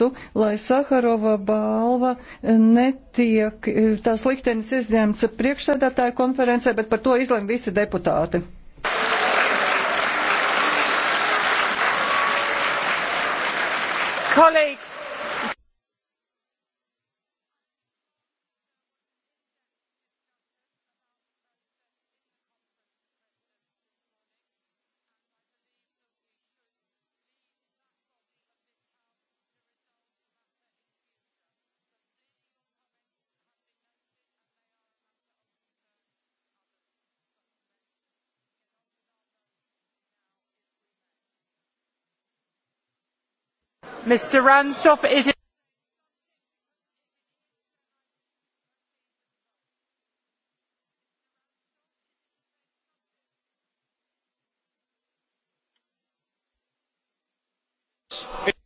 visu, lai Saharova balva netiek, e, tās liktenis izņemts priekšsēdētāju konferencē, bet par to izlem visi deputāti. Kolēģis! Mr. Ransdorf, is it?